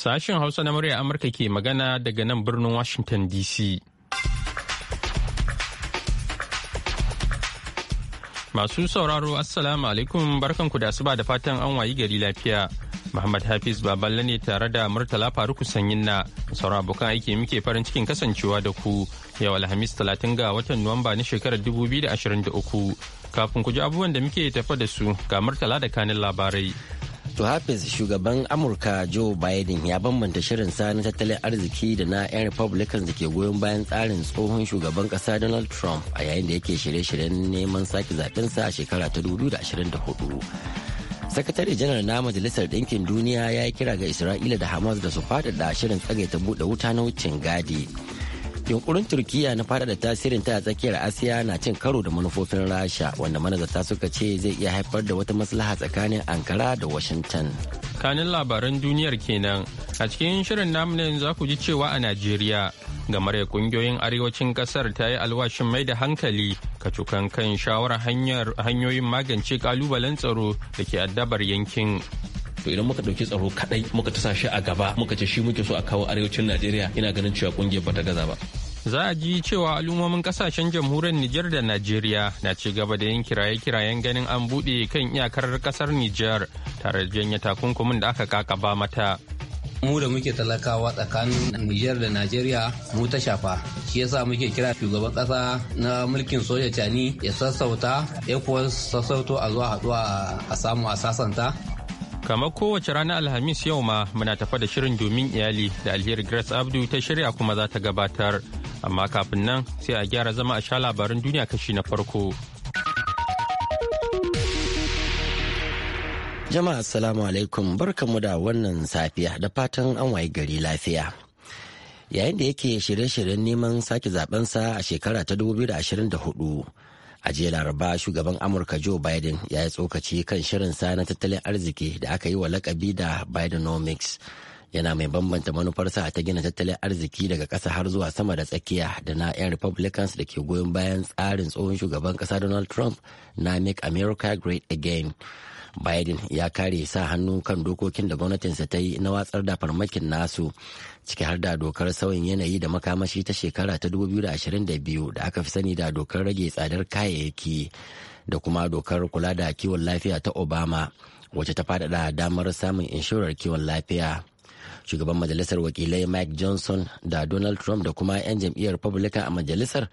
Sashen Hausa na murya Amurka ke magana daga nan birnin Washington DC. Masu sauraro Assalamu alaikum barkanku da asuba da fatan an wayi gari lafiya. Muhammad Hafiz Baballe ne tare da Murtala Faruku Sanyin na sauran abokan aiki muke farin cikin kasancewa da ku yau Alhamis 30 ga watan Nuwamba na shekarar 2023. Kafin ku ji abubuwan da muke tafa da su ga Murtala da kanin labarai. To Hafiz shugaban Amurka Joe Biden ya bambanta shirinsa na tattalin arziki da na 'yan Republicans da ke goyon bayan tsarin tsohon shugaban kasa Donald Trump a yayin da yake shirye-shiryen neman sake sa a shekara ta 2024. Sakatare janar na Majalisar Ɗinkin Duniya ya kira ga Isra'ila da Hamas da su faɗaɗa shirin tsagaita buɗe wuta na wucin gadi. yunkurin turkiyya na fada da tasirin ta a tsakiyar asiya na cin karo da manufofin rasha wanda manazarta suka ce zai iya haifar da wata maslaha tsakanin ankara da washington kanin labaran duniyar kenan a cikin shirin namu na yanzu ku ji cewa a najeriya ya kungiyoyin arewacin kasar ta yi alwashin mai da hankali kacukan kan shawarar hanyoyin magance kalubalen tsaro da ke addabar yankin to idan muka dauki tsaro kadai muka ta shi a gaba muka ce shi muke so a kawo arewacin najeriya ina ganin cewa kungiyar ta gaza ba za a ji cewa al'ummomin kasashen jamhuriyar Nijar da Najeriya na ci gaba da yin kiraye-kirayen ganin an buɗe kan iyakar kasar Nijar tare da janye takunkumin da aka kakaba mata. mu da muke talakawa tsakanin Nijar da Najeriya mu ta shafa shi yasa muke kira shugaban kasa na mulkin soja cani ya sassauta ya kuwa sassauto a zuwa haɗuwa a samu a sasanta kamar kowace ranar alhamis yau ma muna tafa da shirin domin iyali da alheri grace abdu ta shirya kuma za ta gabatar amma kafin nan sai a gyara zama a sha labarin duniya kashi na farko. Jama'a Assalamu alaikum barkanmu da wannan safiya da fatan an waye gari lafiya. Yayin da yake shirye-shiryen neman sake zabensa a shekara ta 2024, a jiya laraba shugaban Amurka Joe Biden ya yi tsokaci kan shirin sa na tattalin arziki da aka yi wa lakabi da Bidenomics. yana mai bambanta manufarsa ta gina tattalin arziki daga ƙasa har zuwa sama da tsakiya da na 'yan republicans da ke goyon bayan tsarin tsohon shugaban ƙasa donald trump na make america great again biden ya kare sa hannu kan dokokin da gwamnatinsa ta yi na watsar da farmakin nasu ciki har da dokar sauyin yanayi da makamashi ta shekara ta 2022 da aka fi sani da dokar rage tsadar kayayyaki da kuma dokar kula da kiwon lafiya ta obama wacce ta faɗaɗa damar samun inshorar kiwon lafiya shugaban majalisar wakilai mike johnson da donald trump da kuma 'yan jam'iyyar republican a majalisar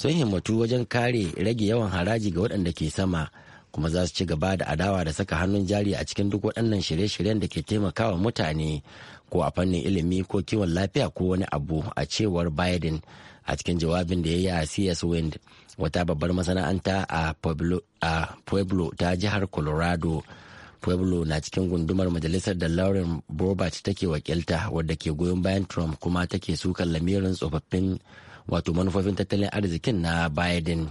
sun himmatu wajen kare rage yawan haraji ga waɗanda ke sama kuma za su ci gaba da adawa da saka hannun jari a cikin duk waɗannan shirye-shiryen da ke taimakawa mutane ko a fannin ilimi ko kiwon lafiya ko wani abu a cewar biden a cikin jawabin da ya yi a cs wind wata babbar masana'anta a pueblo ta jihar colorado pueblo na cikin gundumar majalisar da lauren bobart take wakilta wadda ke goyon bayan trump kuma take sukan lamirin tsofaffin wato manufofin tattalin arzikin na biden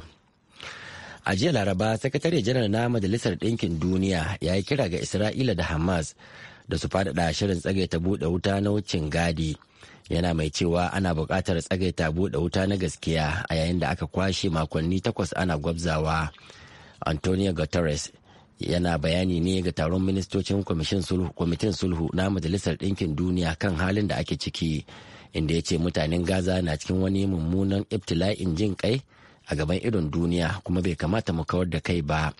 a jiya laraba sakatare janar na majalisar ɗinkin duniya ya yi kira ga isra'ila da hamas da su faɗaɗa shirin tsagaita buɗe wuta na wucin gadi yana mai cewa ana buƙatar tsagaita buɗe wuta na gaskiya a yayin da aka kwashe makonni takwas ana gwabzawa antonio guterres yana bayani ne ga taron ministocin kwamitin sulhu na majalisar ɗinkin duniya kan halin da ake ciki inda ya ce mutanen gaza na cikin wani mummunan ibtila'in jin kai a gaban idon duniya kuma bai kamata mu kawar da kai ba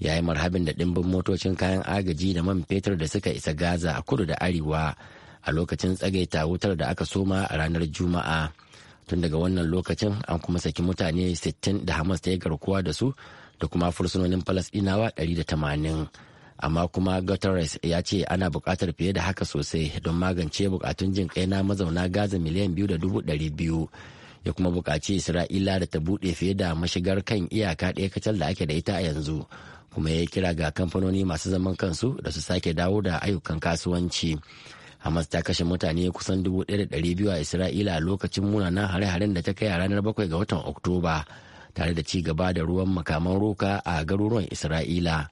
ya yi marhabin da ɗimbin motocin kayan agaji da man fetur da suka isa gaza a kudu da arewa a lokacin tsagaita wutar da aka soma a ranar juma'a tun daga wannan lokacin an kuma saki mutane 60 da hamas ta yi garkuwa da su da kuma fursunonin falasɗinawa 180 amma kuma guterres ya ce ana bukatar fiye da haka sosai don magance bukatun jin kai na mazauna gaza miliyan biyu da dubu ɗari biyu ya kuma bukaci isra'ila da ta buɗe fiye da mashigar kan iyaka ɗaya kacal da ake da ita a yanzu kuma ya kira ga kamfanoni masu zaman kansu da su sake dawo da ayyukan kasuwanci hamas ta kashe mutane kusan dubu biyu a isra'ila a lokacin munanan hare-haren da ta kai a ranar bakwai ga watan oktoba tare da ci gaba da ruwan makaman roka a garuruwan isra'ila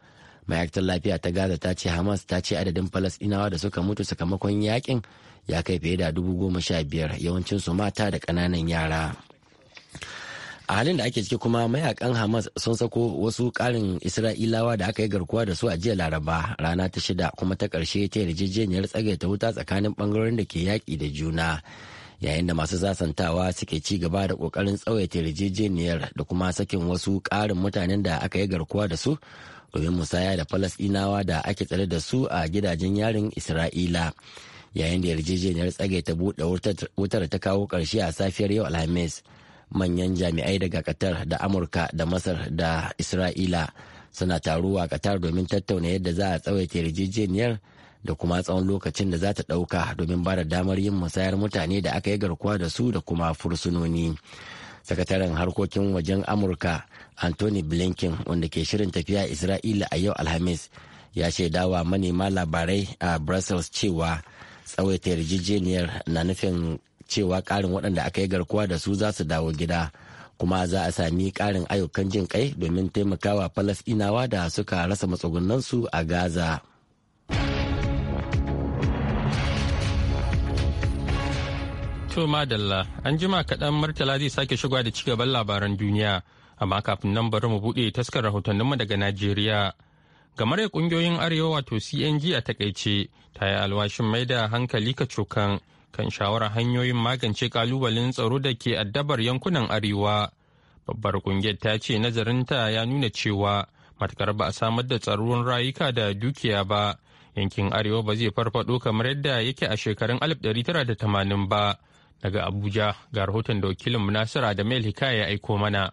ma'aikatar lafiya ta gaza ta ce hamas ta ce adadin falasdinawa da suka mutu sakamakon yakin ya kai fiye da dubu goma sha biyar yawancin su mata da ƙananan yara a halin da ake ciki kuma mayakan hamas sun sako wasu ƙarin isra'ilawa da aka yi garkuwa da su a jiya laraba rana ta shida kuma ta ƙarshe ta yarjejeniyar tsagaita wuta tsakanin ɓangarorin da ke yaƙi da juna yayin da masu sasantawa suke ci gaba da kokarin tsawaita yarjejeniyar da kuma sakin wasu ƙarin mutanen da aka yi garkuwa da su domin musaya da falasɗinawa da ake tsare da su a gidajen yarin isra'ila yayin da yarjejeniyar tsage ta buɗe wutar ta kawo ƙarshe a safiyar yau alhamis manyan jami'ai daga qatar da amurka da masar da isra'ila suna taruwa qatar domin tattauna yadda za a tsawaita yarjejeniyar da kuma tsawon lokacin da za ta ɗauka domin ba da damar yin musayar mutane da aka yi garkuwa da su da kuma fursunoni. sakataren harkokin wajen amurka anthony blinken wanda ke shirin tafiya isra'ila a yau alhamis ya shaidawa manema labarai a brussels cewa tsawaita yarjejeniyar na nufin cewa karin waɗanda aka yi garkuwa da su za su dawo gida kuma za a sami karin ayyukan jin kai domin taimakawa falasɗinawa da suka rasa matsugunansu a gaza To madalla an jima kaɗan martala zai sake shiga da gaban labaran duniya amma kafin nan bari mu buɗe taskar rahotanninmu daga Najeriya. Gamar kungiyoyin Arewa wato CNG a takaice ta yi alwashin mai da hankali ka cokan kan shawarar hanyoyin magance kalubalen tsaro da ke addabar yankunan Arewa. Babbar ƙungiyar ta ce nazarinta ya nuna cewa matakar ba a samar da tsaron rayuka da dukiya ba yankin Arewa ba zai farfado kamar yadda yake a shekarun 1980 ba. Daga Abuja ga rahoton da wakilin Nasira da Mail Hikaya ya aiko mana.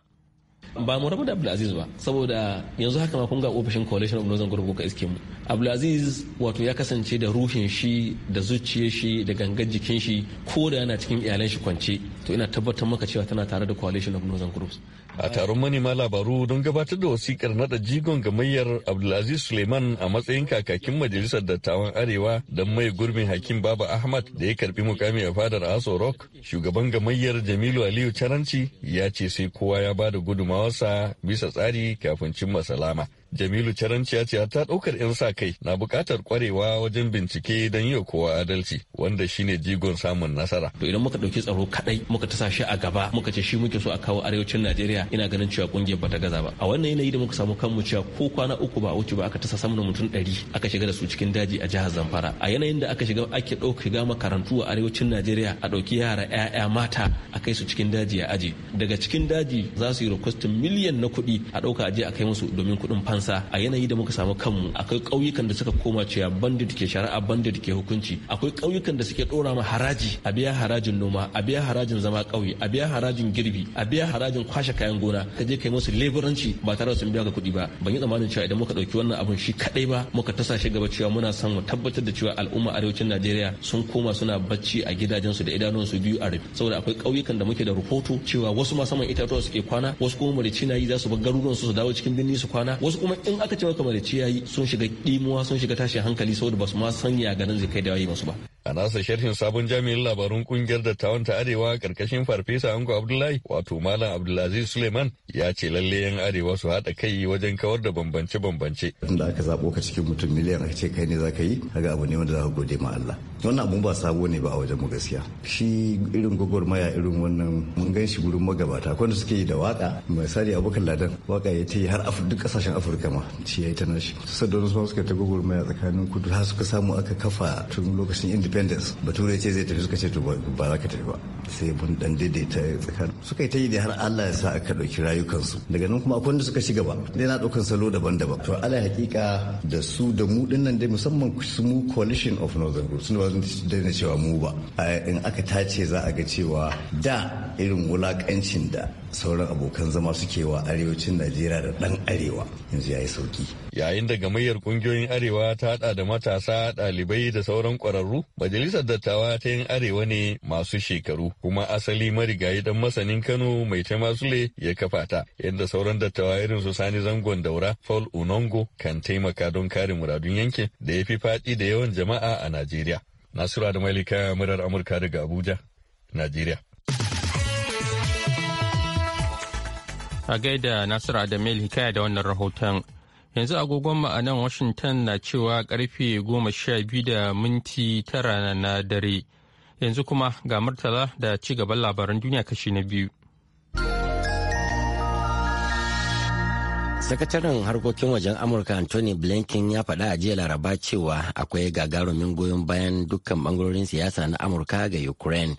ba mu rabu da abdulaziz ba saboda yanzu haka ma kun ga ofishin coalition of northern Gurgu ka iske mu abdulaziz wato ya kasance da ruhin shi da zuciyar shi da gangan jikin shi ko da yana cikin iyalan shi kwance to ina tabbatar maka cewa tana tare da coalition of northern groups a taron manema labaru don gabatar da wasikar nada jigon gamayyar Abdulaziz Suleiman a matsayin kakakin majalisar dattawan Arewa don mai gurbin Hakim Baba Ahmad da ya karbi mukami a fadar Aso Rock. Shugaban gamayyar Jamilu Aliyu Caranci ya ce sai kowa ya bada gudumawarsa bisa tsari kafin cimma salama. Jamilu Caranci ce ta ɗaukar 'yan sa kai na buƙatar ƙwarewa wajen bincike don yi kowa adalci wanda shine jigon samun nasara. To idan muka ɗauki tsaro kaɗai muka ta shi a gaba muka ce shi muke so a kawo arewacin Najeriya ina ganin cewa ƙungiyar bata gaza ba. A wannan yanayi da muka samu kanmu cewa ko kwana uku ba wuce ba aka tasa sama mutum ɗari aka shiga da su cikin daji a jihar Zamfara. A yanayin da aka shiga ake ɗauka shiga makarantu a arewacin Najeriya a ɗauki yara 'ya'ya mata a kai su cikin daji a aji. Daga cikin daji za su yi rikwastin miliyan na kuɗi a ɗauka aje a kai musu domin kuɗin fan ansa a yanayi da muka samu kanmu akwai ƙauyukan da suka koma cewa bandit ke shari'a bandit ke hukunci akwai ƙauyukan da suke ɗora ma haraji a biya harajin noma a biya harajin zama ƙauye a biya harajin girbi a biya harajin kwashe kayan gona ka je kai musu leburanci ba tare da sun biya ka kuɗi ba ban yi tsammanin cewa idan muka ɗauki wannan abun shi kaɗai ba muka tasa shi gaba cewa muna son mu tabbatar da cewa al'umma arewacin Najeriya sun koma suna bacci a gidajensu da idanunsu biyu a rufe saboda akwai ƙauyukan da muke da rahoto cewa wasu ma saman itatuwa suke kwana wasu kuma marici na yi za su bar garuruwan su su dawo cikin birni su kwana wasu kuma in aka ce maka marici ciyayi sun shiga dimuwa sun shiga tashin hankali saboda ba su ma sanya ganin zai kai da waye masu ba A nasa sharhin sabon jami'in labarun kungiyar dattawan ta Arewa karkashin Farfesa Ango Abdullahi wato Malam Abdulaziz Suleiman ya ce lalle yan Arewa su haɗa kai wajen kawar da bambance-bambance. inda aka zaɓo ka cikin mutum miliyan aka ce kai ne za ka yi kaga abu ne wanda za ka gode ma Allah. Wannan abun ba sabo ne ba a wajen mu gaskiya. Shi irin gwagwarmaya irin wannan mun gan shi gurin magabata kwanda suke yi da waka mai a abokan ladan waka ya ta yi har duk kasashen Afirka ma shi ya yi ta nashi. Sassa da wasu suka ta gwagwarmaya tsakanin kudu har suka samu aka kafa tun lokacin inda independence bature ce zai tafi suka ce to ba za ka tafi ba sai mun dan daidaita tsakanin suka yi ta yi da har Allah ya sa aka ɗauki rayukansu daga nan kuma akwai wanda suka ci gaba dai na ɗaukan salo daban-daban to ala hakika da su da mu din nan dai musamman su mu coalition of northern group sun ba na cewa mu ba in aka tace za a ga cewa da irin wulakancin da sauran abokan zama suke wa arewacin najeriya da dan arewa yanzu ya yi sauki yayin da gamayyar kungiyoyin arewa ta hada da matasa ɗalibai da sauran kwararru majalisar dattawa ta yin arewa ne masu shekaru kuma asali marigayi dan masanin kano mai tamasule masule ya kafa ta yadda sauran dattawa irin su sani zangon daura paul unongo kan taimaka don kare muradun yankin da ya fi faɗi da yawan jama'a a najeriya nasiru da malika murar amurka daga abuja najeriya A gaida Nasiru Adamel hikaya da wannan rahoton. Yanzu agogon ma'anan Washington na cewa karfe goma sha biyu da minti tara na dare. Yanzu kuma ga Murtala da ci gaban labaran duniya kashi na biyu. sakataren harkokin wajen amurka anthony blinken ya faɗa a jiya laraba cewa akwai gagarumin goyon bayan dukkan bangarorin siyasa na amurka ga ukraine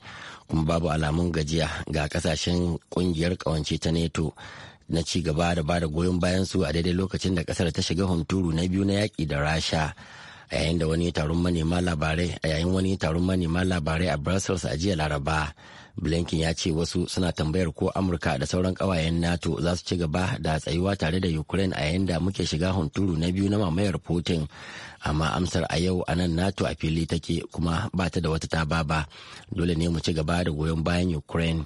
kuma babu alamun gajiya ga kasashen kungiyar kawance ta neto na ci gaba da bada goyon bayan su a daidai lokacin da kasar ta shiga hunturu na biyu na yaƙi da rasha a yayin da wani taron manema labarai a yayin wani taron manema labarai a brussels a jiya laraba blinken ya ce wasu suna tambayar ko amurka da sauran kawayen nato za su ci gaba da tsayuwa tare da ukraine a yayin da muke shiga hunturu na biyu na mamayar putin amma amsar a yau a nan nato a fili take kuma ba ta da wata ta ba dole ne mu ci gaba da goyon bayan ukraine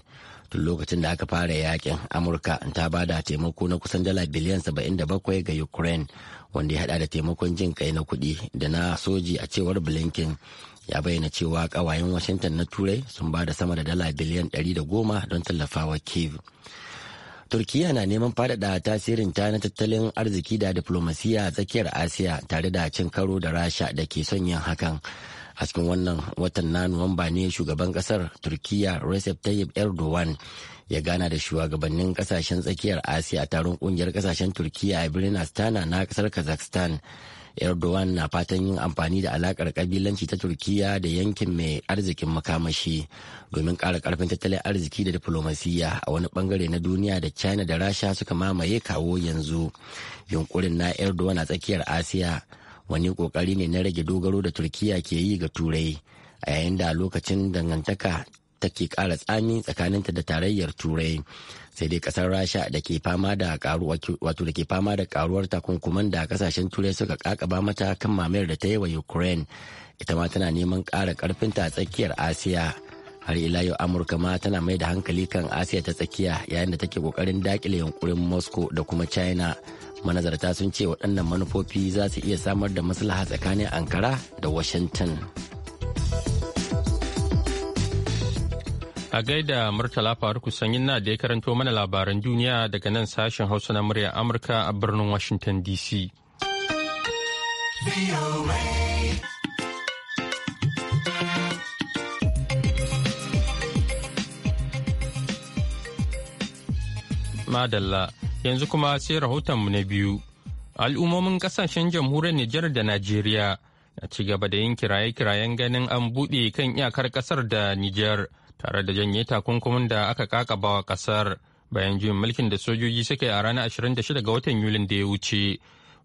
tun lokacin da aka fara yakin amurka ta ba da taimako na kusan dala biliyan 77 ga ukraine wanda ya hada da taimakon jin kai na kuɗi da na soji a cewar blinken ya bayyana cewa kawayen washington na turai sun ba da sama da dala biliyan 110 don tallafawa kiev turkiya na neman faɗaɗa tasirin ta na tattalin arziki da diplomasiya a tsakiyar asiya tare da cin karo da rasha da ke son yin hakan a cikin wannan watan na nuwamba ne shugaban kasar turkiya recep tayyip erdogan ya gana da shugabannin kasashen tsakiyar asiya a taron kungiyar kasashen turkiya a birnin astana na kasar kazakhstan Erdogan na fatan yin amfani da alakar kabilanci ta Turkiya da yankin mai arzikin makamashi domin ƙara ƙarfin tattalin arziki da diflomasiyya a wani bangare na duniya da China da Rasha suka mamaye kawo yanzu. Yunkurin na Erdogan a tsakiyar Asiya wani kokari ne na rage dogaro da Turkiya ke yi ga Turai a yayin da lokacin dangantaka take ƙara tsami tsakaninta da tarayyar Turai. sai dai kasar rasha da ke fama da wato da ke fama da karuwar takunkuman da kasashen turai suka kakaba mata kan mamayar da ta yi wa ukraine ita ma tana neman kara karfinta a tsakiyar asiya har ila yau amurka ma tana mai da hankali kan asiya ta tsakiya yayin da take kokarin dakile yunkurin moscow da kuma china manazarta sun ce waɗannan manufofi za su iya samar da maslaha tsakanin ankara da washington A gaida Murtala Faruku Sanyin na da ya karanto mana labaran duniya daga nan sashen Hausa na murya Amurka a birnin Washington DC. Madalla, yanzu kuma sai rahoton mu na biyu. Al'ummomin kasashen jamhuriyar Nijar da Najeriya na ci gaba da yin kiraye-kirayen ganin an buɗe kan iyakar ƙasar da Nijar. tare da janye takunkumin da aka kakaba wa kasar bayan juyin mulkin da sojoji suka yi a ranar 26 ga watan yulin da ya wuce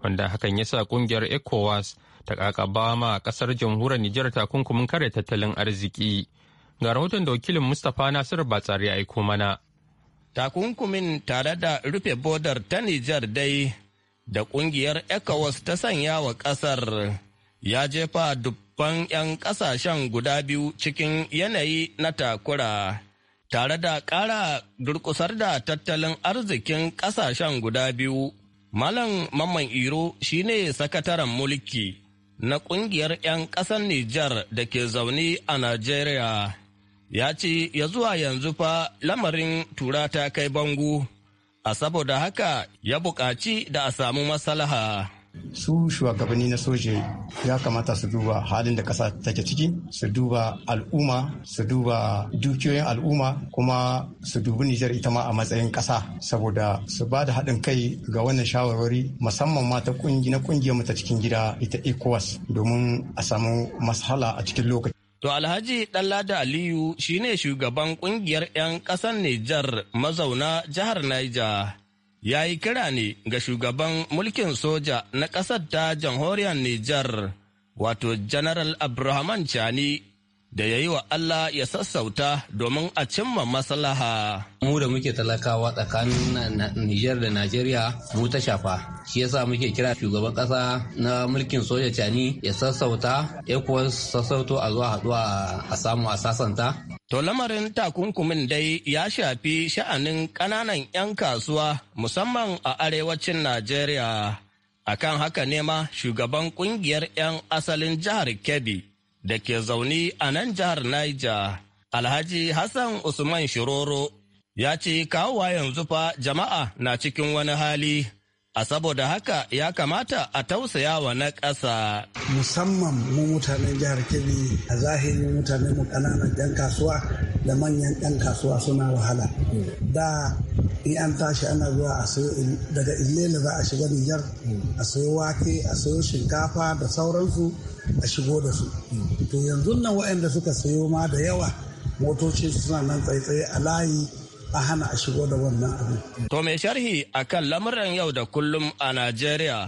wanda hakan ya sa kungiyar ecowas ta kakaba ma kasar jamhuriyar nijar takunkumin kare tattalin arziki ga rahoton da wakilin mustapha nasiru batsari ya aiko mana takunkumin tare da rufe bodar ta nijar dai da kungiyar ecowas ta sanya wa kasar ya jefa dubban 'yan ƙasashen guda biyu cikin yanayi na takura tare da ƙara durƙusar da tattalin arzikin ƙasashen guda biyu. Malam Mamman Iro shine sakataren mulki na ƙungiyar 'yan ƙasar Nijar da ke zaune a Najeriya. Ya ce ya zuwa yanzu fa lamarin tura ta kai bangu, a saboda haka ya buƙaci da a samu maslaha. su shugabanni na soje ya kamata su duba halin da kasa take ciki su duba al'umma su duba dukiyoyin al'umma kuma su dubi nijar ita ma a matsayin kasa saboda su ba da haɗin kai ga wannan shawarwari musamman ma ta kungi na kungiyar mu ta cikin gida ita ecowas domin a samu mashala a cikin lokaci To Alhaji Ɗanlada Aliyu shine shugaban kungiyar 'yan ƙasar Nijar mazauna jihar Niger. ya yi kira ne ga shugaban mulkin soja na ƙasar ta jamhuriyar Nijar, wato General Abrahaman Chani da ya yi wa Allah ya sassauta domin a cimma maslaha. Mu da muke talakawa tsakanin Nijar da Najeriya mu ta shafa. Shi yasa muke kira shugaban ƙasa na mulkin soja cani ya sassauta ya kuwa sassauto a zuwa haɗuwa a samu a sasanta. To lamarin takunkumin dai ya shafi sha'anin ƙananan 'yan kasuwa musamman a arewacin Najeriya. Akan haka ne ma shugaban ƙungiyar 'yan asalin jihar Kebbi da ke zaune a nan jihar Niger, Alhaji Hassan Usman Shiroro ya ce kawowa yanzu fa jama'a na cikin wani hali. a saboda haka ya kamata a tausaya wa na ƙasa. Musamman mu mutanen jihar Kebbi a zahiri mutanen mu ƙananan 'yan kasuwa da manyan 'yan kasuwa suna wahala. Da in an tashi ana zuwa a sayo daga Ilela za a shiga Nijar, a sayo wake, a sayo shinkafa da sauransu a shigo da su. to yanzu nan waɗanda suka sayo ma da yawa motoci suna nan tsaye-tsaye a layi a hana a shigo da wannan abin. To mai sharhi a kan lamuran yau da kullum a Najeriya,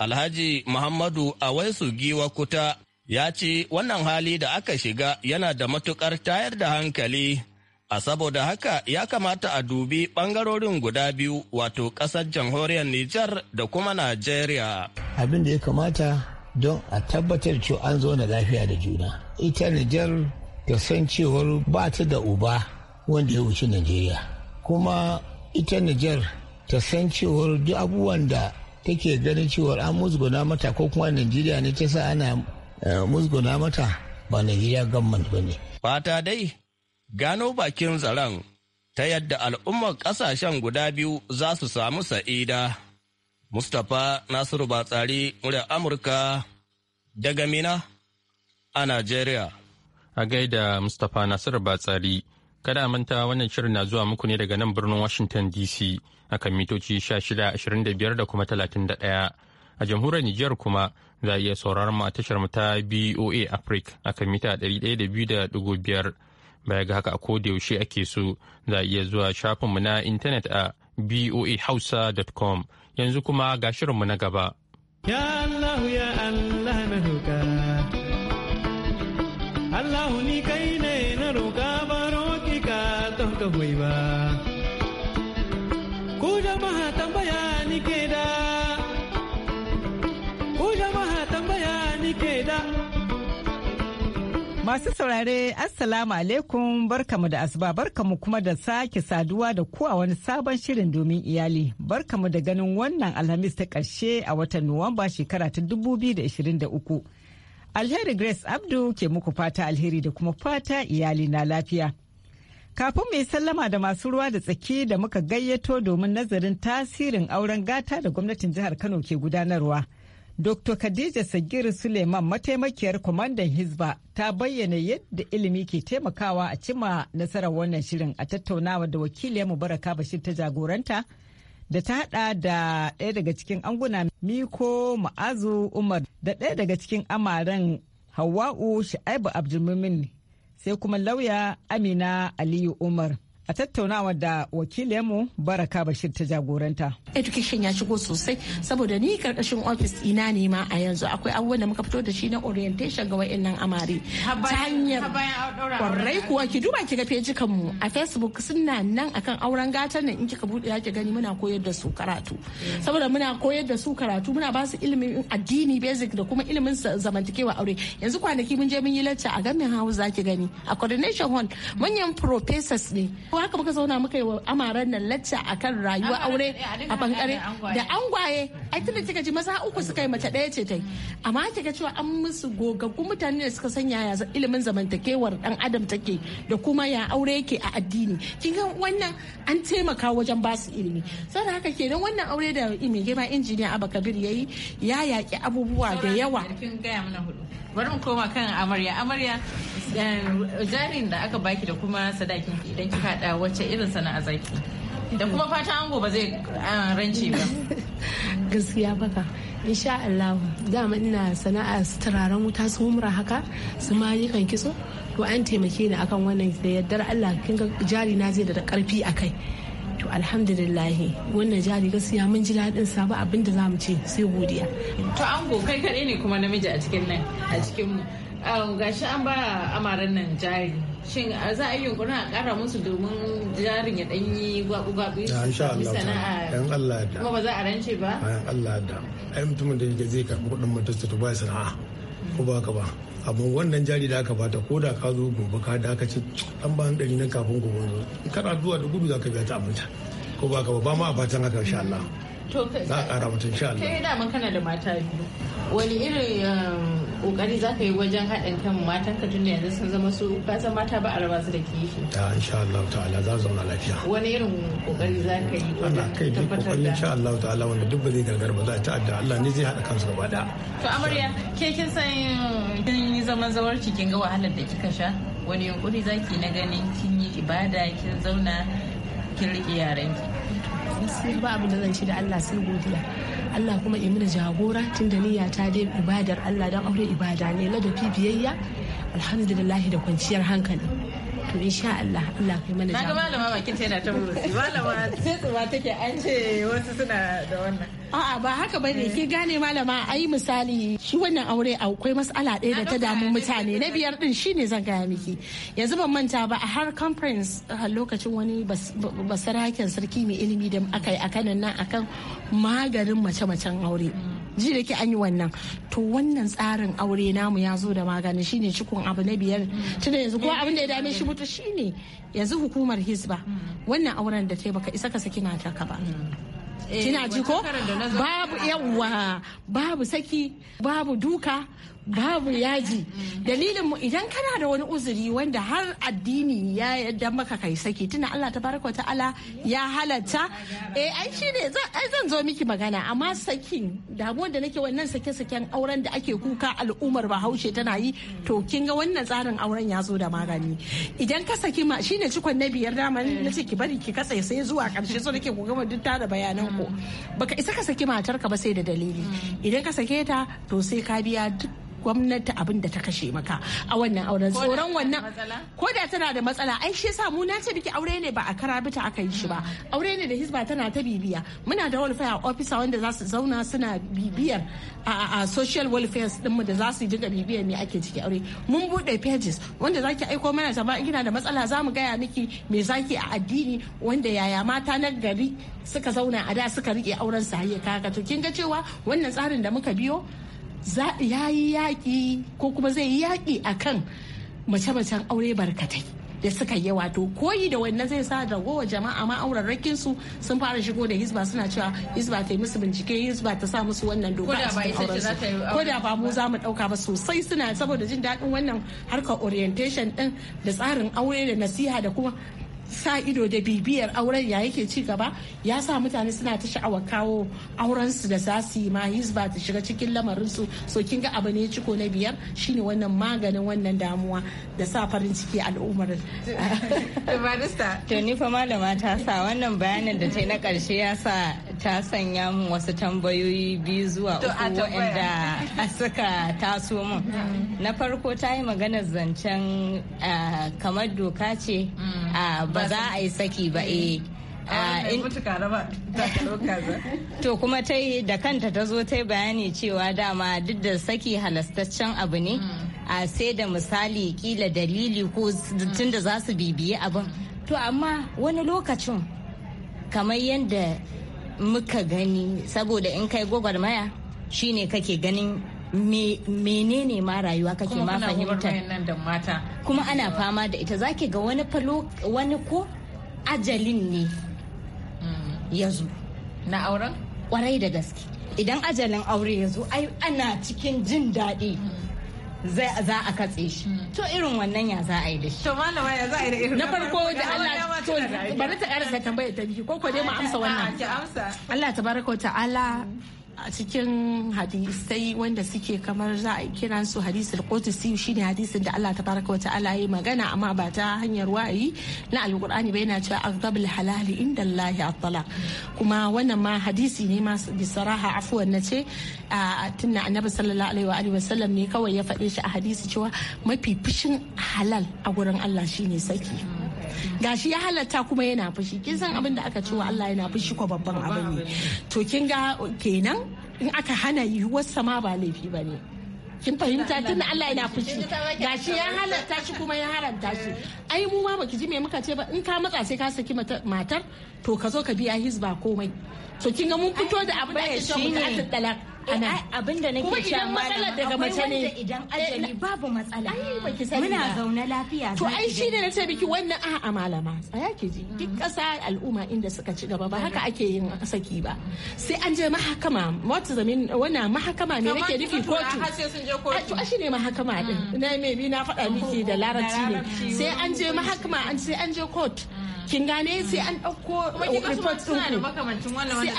Alhaji Muhammadu Awaisu Giwa Kuta ya ce wannan hali da aka shiga yana da matukar tayar da hankali a saboda haka ya kamata a dubi bangarorin guda biyu wato kasar jamhuriyar Nijar da kuma Najeriya. Abin da ya kamata don a tabbatar cewa an zauna lafiya da juna ita nijar ta san cewar ba ta da uba wanda ya wuce najeriya kuma ita nijar ta san cewar duk abubuwan da take ganin cewar an musguna mata ko kuma najeriya ne ta sa ana eh, musguna mata ba najeriya gamman ba ne fata dai gano bakin zaren ta yadda al'ummar kasashen guda biyu za su samu sa'ida Mustapha Nasiru Batsari muryar Amurka daga Mina a Najeriya. A gaida Mustapha Nasiru Batsari, kada manta wannan shirin na zuwa muku ne daga nan birnin Washington DC a kan mitoci 1625 da kuma ɗaya A jamhuriyar Nijar kuma za a iya sauraron mu a tashar mu ta BOA Africa a kan mita 102.5. Baya ga haka a ko da yaushe ake so za a iya zuwa shafinmu na intanet a boahausa.com yanzu kuma ga shirinmu na gaba. Ya Allah ya Allah na Allah Masu saurare Assalamu alaikum barkamu da asuba barkamu kuma da sake saduwa da ku a wani sabon shirin domin iyali barkamu da ganin wannan alhamis ta karshe a watan Nuwamba shekara ta 2023. Alheri Grace Abdu ke muku fata alheri da kuma fata iyali na lafiya. Kafin mai sallama da masu ruwa da tsaki da muka gayyato domin nazarin tasirin auren gata da gwamnatin jihar Kano ke gudanarwa. Dr. Khadija Sagir Suleiman mataimakiyar kwamandan Hizba ta bayyana yadda ilimi ke taimakawa a cima nasarar wannan shirin a tattaunawa da wakiliyar Mubaraka Bashir ta jagoranta da ta hada da ɗaya daga cikin anguna Miko Ma'azu Umar da ɗaya daga cikin amaren Hawwa'u Sha'aibu Abdulmumin sai kuma lauya Amina Aliyu Umar. a tattaunawa da wakilinmu baraka bashir ta jagoranta. education ya shigo sosai saboda ni karkashin ofis ina ne ma a yanzu akwai abubuwan da muka fito da shi na orientation ga nan amare ta hanyar kwarai kuwa ki duba ki ga fejikan mu a facebook suna nan akan auren gatan nan in kika bude ya ki gani muna koyar da su karatu saboda muna koyar da su karatu muna basu ilimin addini basic da kuma ilimin zamantakewa aure yanzu kwanaki mun je mun yi lacca a gamin hausa ki gani a coordination hall manyan professors ne haka muka zauna muka yi wa amaran nan lacca akan rayuwa aure a bangare da angwaye ai tunda kika ji maza uku suka yi mace ɗaya ce tai amma kika cewa an musu gogaggun mutane ne suka sanya ya ilimin zamantakewar dan adam take da kuma ya aure yake a addini kin ga wannan an taimaka wajen ba su ilimi saboda haka ke kenan wannan aure da mai girma injiniya Abba Kabir yayi ya yaki abubuwa da yawa bari mu koma kan amarya amarya eh, jarin da aka baki da kuma sadakin idan kika hada wacce irin sana'a zaki da kuma fatan ango ba zai ah, rance ba gaskiya baka insha Allah dama ina sana'a turaren wuta su umra haka su ma kan kitso to an taimake ni akan wannan da yardar Allah kin ga jari na zai da karfi akai alhamdulillahi wannan jari gaskiya mun ji daɗin sabu abin da za mu ce sai godiya to an kai kaɗai ne kuma namiji a cikin nan a cikin mu gashi an ba amaren nan jari shin za a yi yunkurin a kara musu domin jarin ya dan yi gwaɓu gwaɓu Ya yan Allah da kuma ba za a rance ba yan Allah da ai mutumin da zai karɓi kudin matarsa to ba sana'a ko ba ka ba amma wannan jari da aka bata ko da ka zo gobe ka da aka ce an ba ɗari na kafin gobe zo kana zuwa da gudu za ka biya ta aminta ko ba ka ba ma a fatan haka insha Allah za a ƙara mutum insha Allah kai da kana da mata biyu wani irin um, kokari za ka yi wajen haɗin kan matan ka tun da yanzu sun zama su ba san mata ba a raba su da kishi a insha Allah ta'ala za su zauna lafiya wani irin kokari za ka yi wajen tabbatar da insha Allah ta'ala wanda duk ba zai gargar ba za ta adda Allah ne zai haɗa kansu gaba da to amarya ke kin san kin yi zaman zawarci kin ga wahalar da kika sha wani yunkuri ki na ganin kin yi ibada kin zauna kin riƙe yaranki gaskiya ba abin da zan ci da Allah sai godiya Allah kuma ya mini jagora da niyya ta dai ibadar Allah don aure ibada ne ladafi biyayya alhamdulillah da kwanciyar hankali to insha Allah Allah kai mana jama'a na ga malama bakin ta yana ta murusi malama sai tsuba take an ce wasu suna da wannan a'a ba haka bane ki gane malama ai misali shi wannan aure akwai mas'ala ɗaya da ta damu mutane na biyar din shine zan gaya miki yanzu ban manta ba a har conference lokacin wani basaraken sarki mai ilimi da aka yi a kanan nan akan maganin mace-macen aure ji da ke an yi wannan to wannan tsarin aure namu ya zo da magani shine cikon abu na biyar tun yanzu kuma abin da ya dame shi mutu shine yanzu hukumar hisba wannan auren da ta baka isa ka saki na ka ba eh, kina ji ko babu yawa babu saki babu duka babu yaji dalilin mu idan kana da wani uzuri wanda har addini ya yadda maka kai saki tuna Allah baraka ta ala ya halatta eh ai shine zan zo miki magana amma sakin damuwar da nake wannan sake saken auren da ake kuka al'ummar Bahaushe tana yi to kin ga wannan tsarin auren ya zo da magani idan ka saki ma shine cikon na biyar dama na nace ki bari ki katse sai zuwa karshe so nake ku gama duk tara bayanan ku baka isa ka saki matarka ba sai da dalili idan ka sake ta to sai ka biya duk gwamnati abin da ta kashe maka a wannan auren tsoron wannan ko da tana da matsala ai shi yasa mu na ce biki aure ne ba a kara bita aka yi shi ba mm. aure ne da hisba tana ta bibiya muna da welfare ofisa wanda za su zauna suna bibiyar a social welfare din mu da za su dinga bibiyar me ake ciki aure mun bude pages wanda zaki aiko mana ta ba kina da matsala za mu gaya miki me zaki a addini wanda yaya mata na gari suka zauna a da suka rike auren sahiya kaka to kin ga cewa wannan tsarin da muka biyo ya yi yaƙi ko kuma zai yi yaƙi a kan mace-macen aure barkatai da suka yi wato koyi da wannan zai sa da gowa jama'a ma auren su sun fara shigo da hizba suna cewa hizba ta yi musu bincike hizba ta sa musu wannan doka a cikin auren su ko da ba mu za mu dauka ba sosai suna saboda jin daɗin wannan harkar orientation din da tsarin aure da nasiha da kuma sa ido da bibiyar auren ya yake ci gaba ya sa mutane suna ta sha'awa kawo auren su da za su yi ma hisba ta shiga cikin lamarin su so kin ga abu ne ciko na biyar shine wannan maganin wannan damuwa da sa farin ciki al'ummar to ni fa malama ta sa wannan bayanin da ta na karshe ya sa ta sanya mun wasu tambayoyi biyu zuwa uku waɗanda suka taso mun. Mm. Na farko ta yi magana zancen kamar doka ce mm. ba za a yi saki ba mm. eh. to kuma ta yi da kanta ta zo ta yi bayani cewa dama duk da saki halastaccen abu ne a sai da misali kila dalili ko tun da za su bibiye abin to amma wani lokacin kamar yadda muka gani saboda in kai gwagwarmaya shine kake ganin menene ma rayuwa kake ma fahimta kuma ana fama da ita zaki ga wani falo wani ko ajalin ne mm. ya zo na auren kwarai da gaske idan ajalin aure ya zo ai ana cikin jin daɗi mm. za a katse shi hmm. to irin wannan ya za a yi da shi to malama ya za a yi da irin na farko da Allah to bari ta karasa tambaya ta biyu ko ko dai mu amsa wannan ki amsa Allah tabaraka wa ta'ala hmm. a cikin hadisai wanda suke kamar za a kiran su hadisul qudsi shine hadisin da Allah tabaraka wata'ala yayi magana amma ba ta hanyar wa'ayi na alkur'ani ba yana cewa aghdabul halali inda Allah Ya tala kuma wannan ma hadisi ne ma bisaraha afwan ce a tunna annabi sallallahu alaihi wa alihi wasallam ne kawai ya faɗe shi a hadisi cewa mafi fushin halal a gurin Allah shine saki gashi ya halatta kuma yana fushi kin san abin da aka ce wa Allah yana fushi ko babban abu ne to kin ga kenan in aka hana yiwuwar sama ba laifi ba ne kin fahimta tun Allah yana fushi gashi ya halatta shi kuma ya haranta shi ai mu ma baki ji me muka ce ba in ka matsa sai ka saki matar to ka zo ka biya hisba komai to kin ga mun fito da abin da ake cewa Eh, a nan abinda nake cewa malam daga mace ne idan eh, ajali babu matsala muna zaune lafiya to ai shi ne na ce biki wannan a'a malama tsaya ki ji duk ƙasa al'umma inda suka ci gaba ba haka ake yin saki ba sai an je mahakama wata zamin wannan mahakama ne nake nufi kotu Kamar sun je to shi ne mahakama din mm. na maybe na faɗa miki da larabci ne sai an je mahakama an sai an je kotu mm. kin gane sai an dauko report din ku sai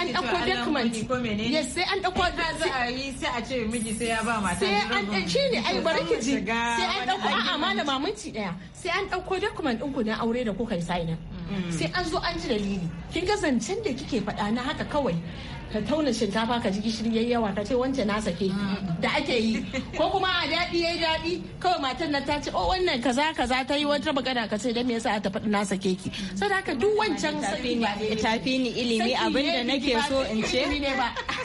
an dauko document yes sai an dauko sai a ce miji sai ya ba mata sai an eh, ne ai baraki ji sai an dauko a'a malama minti daya sai an dauko document din ku na aure da kuka yi mm. sai an zo an ji dalili kin ga zancen da kike faɗa na haka kawai ka tauna shinkafa ka ji gishiri yayi yawa ka ce wancan na sake da ake yi ko kuma a daɗi yayi daɗi kawai matar nan ta ce o oh, wannan kaza kaza ta yi wata magana ka ce dan me yasa ta faɗi na sake ki saboda haka duk wancan tafi ni ilimi abinda nake so in ce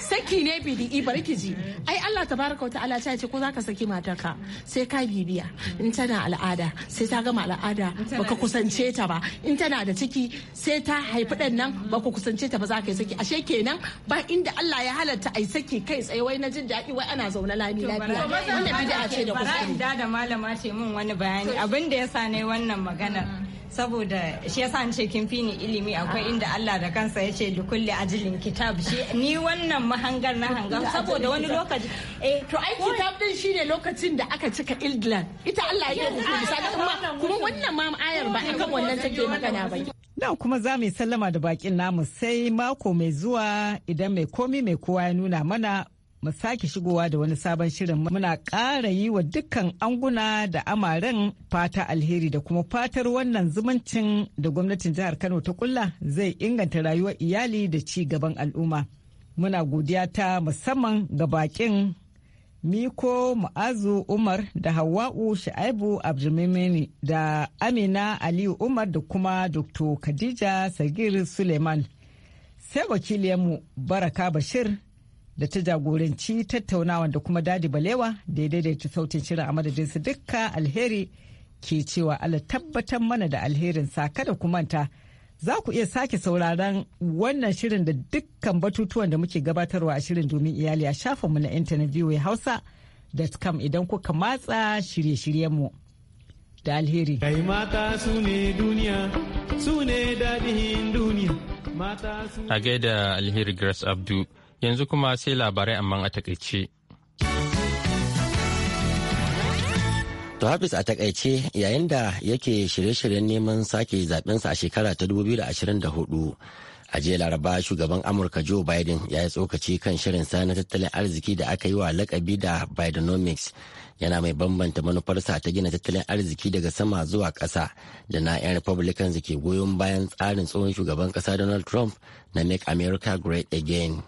saki ne bidi bari ji ai Allah tabaraka wa ta'ala ta ce ko zaka saki matarka sai ka bibiya in tana al'ada sai ta gama al'ada baka kusance ta ba in tana da ciki sai ta haifi dan nan baka kusance ta ba za ka yi saki ashe kenan ba ba inda Allah ya halatta ai saki kai tsaye wai na jin daɗi wai ana zaune lami lafiya wannan bid'a ce da kuskure bara da malama ce mun wani bayani abin da yasa ne wannan magana saboda shi yasa an ce kin fi ni ilimi akwai ah. inda Allah da kansa ya ce likulli ajilin kitab shi ni wannan mahangar na hangar saboda wani lokaci eh to ai kitab din shine lokacin da aka cika England ita Allah ya yi misali ah, ah, kuma wannan ma ayar ba akan wannan take magana ba Nan kuma za mu sallama da bakin namu sai mako mai zuwa idan mai komi mai kowa ya nuna mana mu sake shigowa da wani sabon shirin muna ƙara yi wa dukkan anguna da amaren fata alheri da kuma fatar wannan zumuncin da gwamnatin jihar Kano ta kulla zai inganta rayuwar iyali da ci gaban al'umma. Muna godiya ta musamman ga bakin Miko Mu'azu Umar da Hawa'u Sha'aibu Abdulmimini da Amina Aliyu Umar da kuma Dr. Khadija Sagir Suleiman. Sai wakiliyarmu Baraka Bashir da ta jagoranci tattaunawa da kuma Dadi Balewa da ya daidaita sautin shirin a madadin su dukka alheri ke cewa Allah tabbatar mana da alherin sa kada ku manta. za ku iya sake sauraron wannan shirin da dukkan batutuwan da muke gabatarwa a shirin domin iyali a shafinmu na intanet voa hausa.com idan kuka matsa shirye-shiryenmu da alheri. Kai mata su ne duniya, su ne daɗin duniya. A gaida alheri Grace Abdu, yanzu kuma sai labarai amma a takaice. To Hafiz a takaice yayin da yake shirye-shiryen neman sake zaɓensa a shekara ta 2024 a jiya laraba shugaban Amurka Joe Biden ya yi tsokaci kan shirin sa na tattalin arziki da aka yi wa lakabi da Bidenomics yana mai bambanta manufarsa ta gina tattalin arziki daga sama zuwa ƙasa da na 'yan Republicans ke goyon bayan tsarin tsohon shugaban ƙasa Donald Trump na Make America Great Again.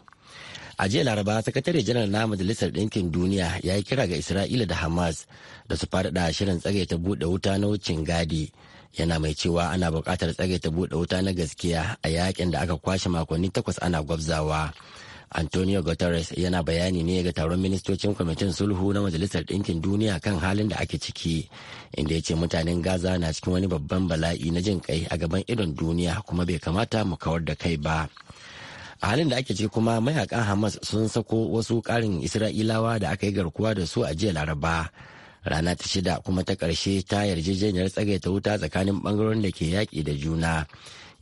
a jiya laraba sakatare janar na majalisar ɗinkin duniya ya yi kira ga isra'ila da hamas da su faɗaɗa shirin tsagaita buɗe wuta na wucin gadi yana mai cewa ana buƙatar tsagaita buɗe wuta na gaskiya a yakin da aka kwashe makonni takwas ana gwabzawa antonio guterres yana bayani ne ga taron ministocin kwamitin sulhu na majalisar ɗinkin duniya kan halin da ake ciki inda ya ce mutanen gaza na cikin wani babban bala'i na jin kai a gaban idon duniya kuma bai kamata mu kawar da kai ba a halin da ake ce kuma mayakan hamas sun sako wasu karin isra'ilawa da aka yi garkuwa da su a jiya laraba rana ta shida kuma ta ƙarshe ta yarjejeniyar tsagaita wuta tsakanin bangarorin da ke yaƙi da juna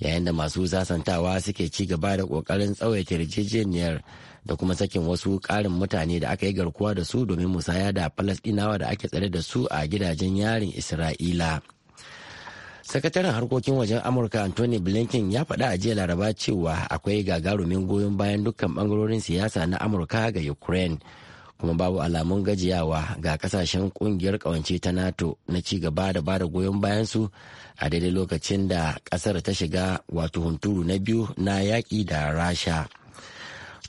yayin da masu sasantawa suke ci gaba da ƙoƙarin tsawaita yarjejeniyar da kuma sakin wasu ƙarin mutane da aka yi garkuwa da su domin musaya da falasɗinawa da ake tsare da su a gidajen yarin isra'ila sakataren harkokin wajen amurka anthony blinken ya faɗa a jiya laraba cewa akwai gagarumin goyon bayan dukkan bangarorin siyasa na amurka ga ukraine kuma babu alamun gajiyawa ga kasashen kungiyar kawance ta nato na ci gaba da ba da goyon bayansu a daidai lokacin da kasar ta shiga wato hunturu na biyu na yaƙi da rasha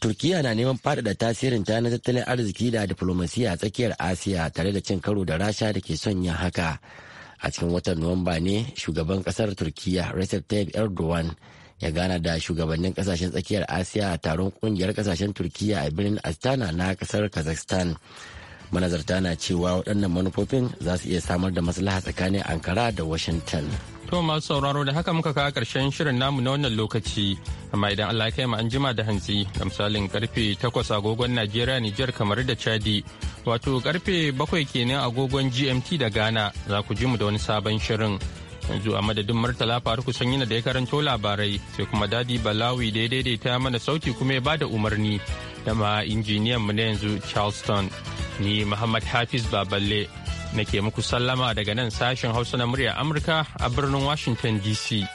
turkiya na neman faɗaɗa tasirin ta na tattalin arziki da diplomasiya a tsakiyar asiya tare da cin karo da rasha da ke son yin haka a cikin watan nuwamba ne shugaban kasar turkiya recep tayyip erdogan ya gana da shugabannin kasashen tsakiyar asiya a taron kungiyar kasashen turkiya a birnin astana na kasar kazakhstan manazarta na cewa waɗannan manufofin za su iya samar da maslaha tsakanin ankara da washington To masu sauraro da haka muka kawo karshen shirin namu na wannan lokaci, amma idan Allah ya kai mu an jima da hantsi da misalin karfe takwas agogon Najeriya Nijar kamar da Chadi, wato karfe bakwai kenan agogon GMT da Ghana za ku ji mu da wani sabon shirin. Yanzu a madadin Murtala Faruku Sanyina da ya karanto labarai sai kuma Dadi Balawi da ya daidaita mana sauti kuma ya bada umarni da ma injiniyan mu na yanzu Charleston. Ni Muhammad Hafiz Baballe nake muku sallama daga nan sashen hausa na murya amurka a birnin washington dc